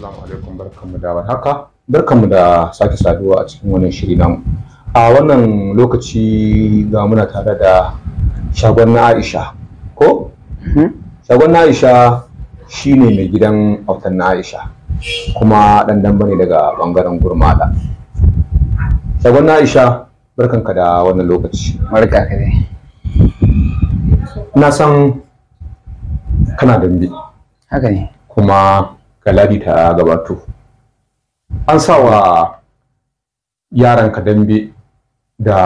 Assalamu alaikum barkanmu da warhaka. Barkanmu da sake saduwa a cikin wannan shiri namu. A wannan lokaci ga muna tare da shagon na Aisha. Ko? Hmm? Shagon na Aisha shine mai gidan autan na Aisha. Kuma dan damba ne daga bangaren Gurmada. Shagon na Aisha barkanka da wannan lokaci. Barka ka dai. Na san kana dambe. Haka ne. Kuma ga ladi ta gabato an sa wa yaran ka dambe da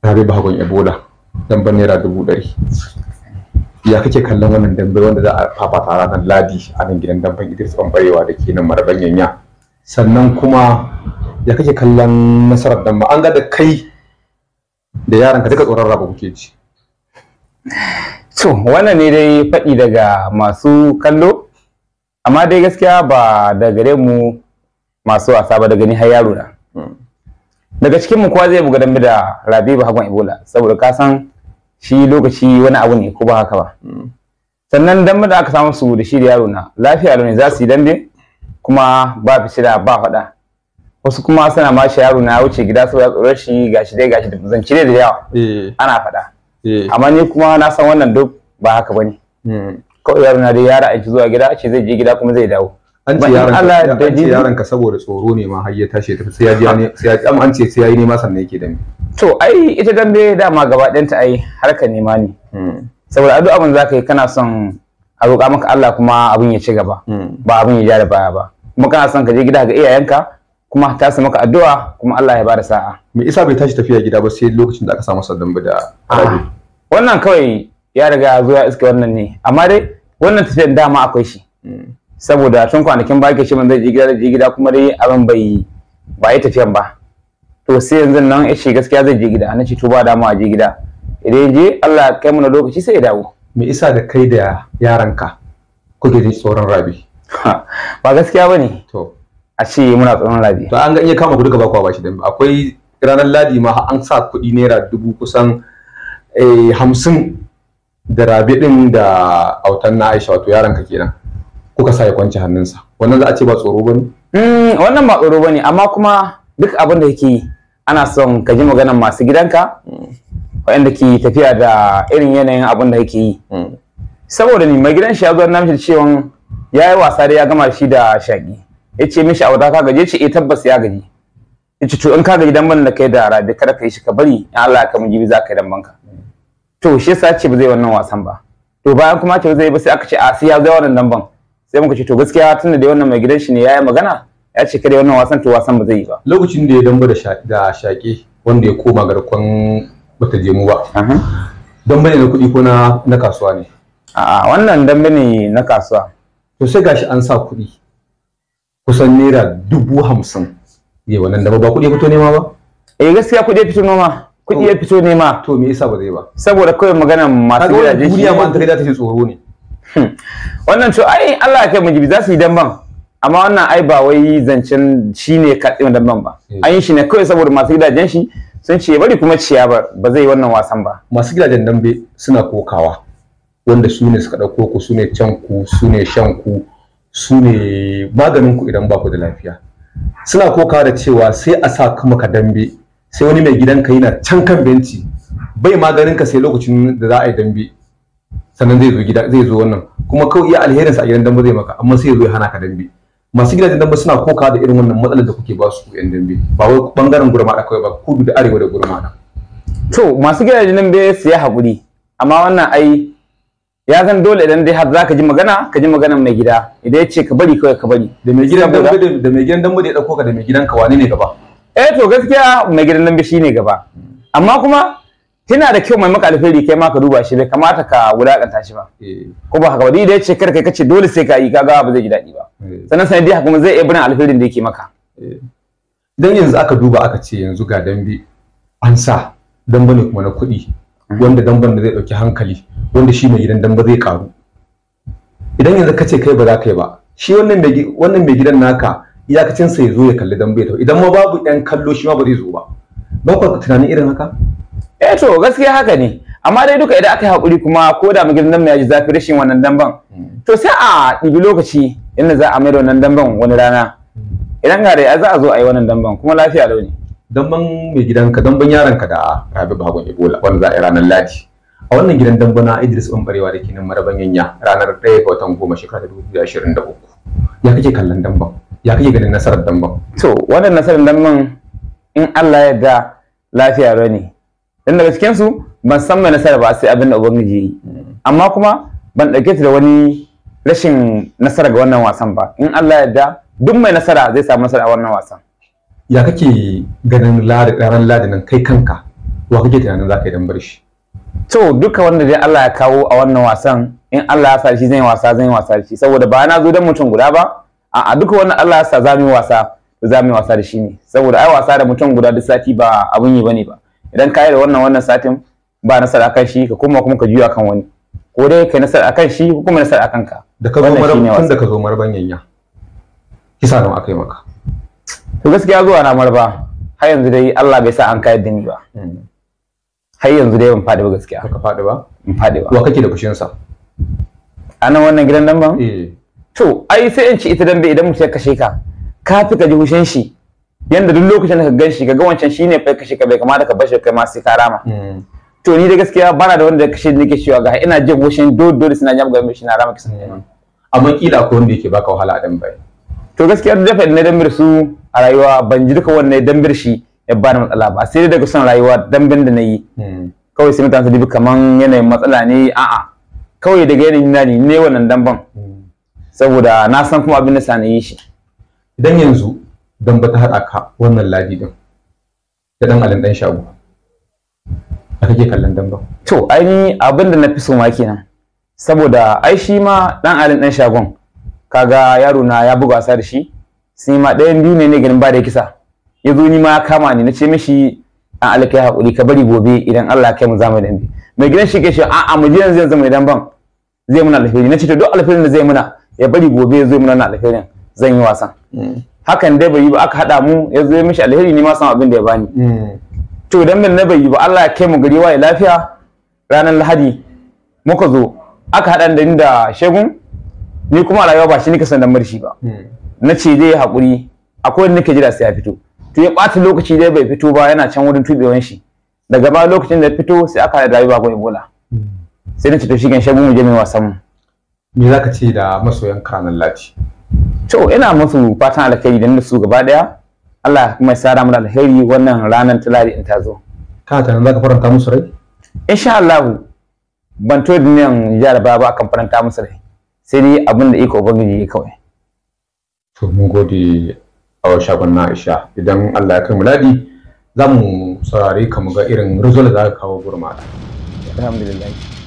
rabe bagon ebola damben naira dubu ɗari ya kake kallon wannan dambe wanda za a fafata ranar ladi a nan gidan damben idris bambarewa da ke nan maraban yanya sannan kuma ya kake kallon nasarar dambe an ga da kai da yaran ka duka tsoron raba kuke ci to wannan ne dai faɗi daga masu kallo amma dai gaskiya ba da gare mu masu wasa ba da gani har yaro na hmm. daga cikin mu kowa zai buga dambe da ba Hagon Ebola saboda ka san shi lokaci wani abu ne ko ba haka ba hmm. sannan dambe da aka samu su da shi da yaro na lafiya ne za su yi dambe kuma ba da ba faɗa wasu kuma suna ma shi yaro na wuce gida saboda tsoron shi gashi dai gashi da dai da yawa eh. ana faɗa eh. amma ni kuma na san wannan duk ba haka bane hmm. kawai yaro na da yara aiki zuwa gida ce zai je gida kuma zai dawo an ce yaron Allah da ji yaron ka saboda tsoro ne ma har ya tashi tafi sai ya ji ne sai ya an ce sai ya yi nema sannan yake ni. to ai ita dambe dama gaba ta ai harkar nema ne hmm. saboda addu'a mun zaka yi kana son a roƙa maka Allah kuma abin ya ci gaba hmm. ba abin ya ja da baya ba kuma kana son ka je gida ga iyayenka kuma ta sa maka addu'a kuma Allah ya bada sa'a me isa bai tashi tafiya gida ba sai lokacin da aka samu sallan da ah. wannan kawai ya riga ya zo ya iska wannan ne amma dai wannan tafiyar dama akwai shi hmm. saboda tun kwanakin ba ke shi man zai je gida je gida kuma dai abin bai ba yi tafiyan ba to sai yanzu nan ya shi gaskiya zai je gida na ce to ba dama a je gida idan je Allah kai mana lokaci sai ya dawo me isa da kai da yaranka kuke ji tsoron rabi ba gaskiya bane to a ce muna tsoron rabi to an ga iya kama ku duka ba kwa bashi dan akwai ranar ladi ma an sa kuɗi naira dubu kusan eh, hamsin da rabi din da autan na aisha wato yaron ka kenan kuka sa ya kwanci hannunsa wannan za a ce ba tsoro bane mm, wannan ba tsoro bane amma kuma duk abin da yake ana son ka ji maganar masu gidanka waɗanda ke tafiya da irin yanayin abin da yake yi mm. saboda ni mai gidan shi ya zo na mishi cewa ya yi wasa da ya gama shi da shaƙi ya ce mishi wata ka gaje ce eh tabbas ya gaji ya to in ka gaji dan ban da kai da rabi kada ka yi shi ka bari in Allah ya kama jibi za ka yi dan banka to shi yasa ce ba zai wannan wasan ba to bayan kuma ce zai ba sai aka ce a sai ya zai wannan damban sai muka ce to gaskiya tunda da wannan mai gidan shi ne yayi magana ya ce kada wannan wasan to wasan ba zai yi ba lokacin da ya damba da shaƙe wanda ya koma garkon bata jemu ba damba ne na kuɗi ko na na kasuwa ne a'a wannan damba ne na kasuwa to sai gashi an sa kuɗi kusan naira dubu hamsin yayi wannan da ba kuɗi fito nema ba eh gaskiya kuɗi fito noma kuɗi ya fito nema to me yasa ba zai ba saboda kawai magana masu gidaje duniya tare ta ta ce tsoro ne hmm. wannan to ai Allah ya kai mu jibi za su yi damban amma wannan ai ba wai zancen shine katsin damban ba eh. an yi shi ne kawai saboda masu gidajen shi sun ce bari kuma ciya ba ba zai wannan wasan ba masu gidajen dambe suna kokawa wanda su ne suka ɗauko ku su ne can ku su ne shan ku su ne maganin ku idan ba ku da lafiya suna kokawa da cewa sai a sa kuma ka dambe sai wani mai gidanka yana can kan benci bai maganin ka sai lokacin da za a yi dambe sannan zai zo gida zai zo wannan kuma kawai iya alherinsa a gidan dambe zai maka amma sai ya zo ya hana ka dambe masu gidajen dambe suna koka da irin wannan matsalar da kuke ba su yan dambe ba wai bangaren da kawai ba kudu da arewa da na to masu gidajen dambe su yi haƙuri amma wannan ai ya zan dole idan dai har za ka ji magana ka ji maganar mai gida idan ya ce ka bari kawai ka bari da mai gidan dambe da mai gidan dambe da ya ɗauko ka da mai gidan ka wane ne gaba eh to gaskiya mai gidan dambe shine gaba amma kuma tana da kyau mai maka alheri kai ma ka duba shi bai kamata ka wulakanta shi ba eh. ko ba haka ba dai ce kar kai kace dole sai ka yi kaga ba zai ji daɗi ba eh. sannan dai haka kuma zai iya bin alherin da yake maka eh. dan yanzu aka duba aka ce yanzu ga dambe an sa dambe ne kuma na kuɗi mhm. wanda damben da zai ɗauki hankali wanda shi mai gidan dambe zai karu idan yanzu ka ce kai ba za ka yi ba shi wannan mai gidan naka iyakacin sa ya zo ya kalli dambe ta idan ma babu yan kallo shi ma ba zai zo ba ba ku tunanin irin haka eh to gaskiya haka ne amma dai duka idan aka yi hakuri kuma ko da mugin nan ya ji zafi rashin wannan damban, to sai a ɗibi lokaci inda za a mai da wannan damban wani rana idan ga dai za a zo a yi wannan damban, kuma lafiya lau ne damben mai gidanka ka yaranka da rabi babu ebola wanda za a yi ranar ladi a wannan gidan dambe na idris ɓambarewa da ke nan marabanyanya. ranar ɗaya ga watan goma shekara ta dubu biyu ya kake kallon damben ya kake ganin nasarar damban to wannan nasarar damban in Allah ya da lafiya bane dan daga cikin su ban san mai nasara ba sai abin da ubangiji yi amma kuma ban dauke ta da wani rashin nasara ga wannan wasan ba in Allah ya da duk mai nasara zai samu nasara a wannan wasan ya kake ganin ranar ladinin kai kanka wa kake tunanin za ka yi dan bar shi to duka wanda dai Allah ya kawo a wannan wasan in Allah ya sa shi zan yi wasa zan yi wasa shi saboda ba na zo dan mutum guda ba a duka wannan Allah ya sa za mu wasa za mu wasa da shi ne saboda ai wasa da mutum guda duk sati ba abun yi bane ba idan ka yi da wannan wannan satin ba nasara kan shi ka koma kuma ka juya kan wani ko dai kai nasara kan shi ko kuma nasara kan ka da ka zo marban tun da ka zo maraban yanya kisa nawa aka yi maka to gaskiya zuwa na marba har yanzu dai Allah bai sa an kai da ni ba hmm. har yanzu dai ban faɗi ba gaskiya ka faɗi ba ban faɗi ba wa kake da kushin sa a nan wannan gidan nan ba eh to ai sai in ci ita dambe idan mutum ya kashe ka ka fi ka ji hushin shi yanda duk lokacin da ka gan shi ka ga wancan shine fa kashe ka bai kamata ka bashi kai ma sai ka rama hmm. to ni da gaskiya bana da wanda kashe nake cewa ga ina jin hushin dole dole suna jam mai shi na rama kisan hmm. amma kila ko wanda yake baka wahala a bai to gaskiya da dafa ne dambir su a rayuwa ban ji duka wannan dambir shi ya bani matsala ba sai daga son rayuwa dambin da na yi hmm. kawai sai mutane su dubi kaman yanayin matsala ne a'a kawai daga yanayin na ne wannan damban saboda na san kuma abin da sani yi shi idan yanzu dan ba ta haɗa ka wannan ladi din da dan alin dan shago a kake kallon dan ba to ai abin da na fi so ma kenan saboda ai shi ma dan alin dan shagon kaga yaro na ya buga wasa da shi sai ma ɗayan biyu ne ne ganin ba da kisa ya zo ni ma ya kama ni na ce mishi an alkai hakuri ka bari gobe idan Allah ya kai mu zamu dambe mai gidan shi ke shi a'a mu je yanzu yanzu mai ban, zai muna alheri na ce to duk alherin da zai muna ya bari gobe ya zo mun na alherin zan yi wasan hmm. hakan dai bai ba aka hada mu ya zo mishi alheri ni ma san abin da ya bani hmm. to dan min na bai yi ba Allah ya kai mu gari waye lafiya ranar Lahadi muka zo aka hada da ni da shegun ni kuma a rayuwa ba shi nika san dan shi ba hmm. na ce zai hakuri akwai wanda nake jira sai ya fito to ya bata lokaci dai bai fito ba yana can wurin tubewan shi daga ba lokacin da ya fito sai aka da rayuwa ko Ebola sai na ce to shi gan shegun mu je mai wasan mu me zaka ce da masoyan kanan lati to ina musu fatan alheri da su gaba daya Allah kuma ya sara mana alheri wannan ranar talari in ta zo ka ta zaka faranta musu rai insha Allah ban to dinin jaraba ba akan faranta musu rai sai dai abin da iko ubangiji ya kawai to mun gode a shagon na Aisha idan Allah ya kai muladi za mu saurare ka mu ga irin rizal da za ka kawo gurmada alhamdulillah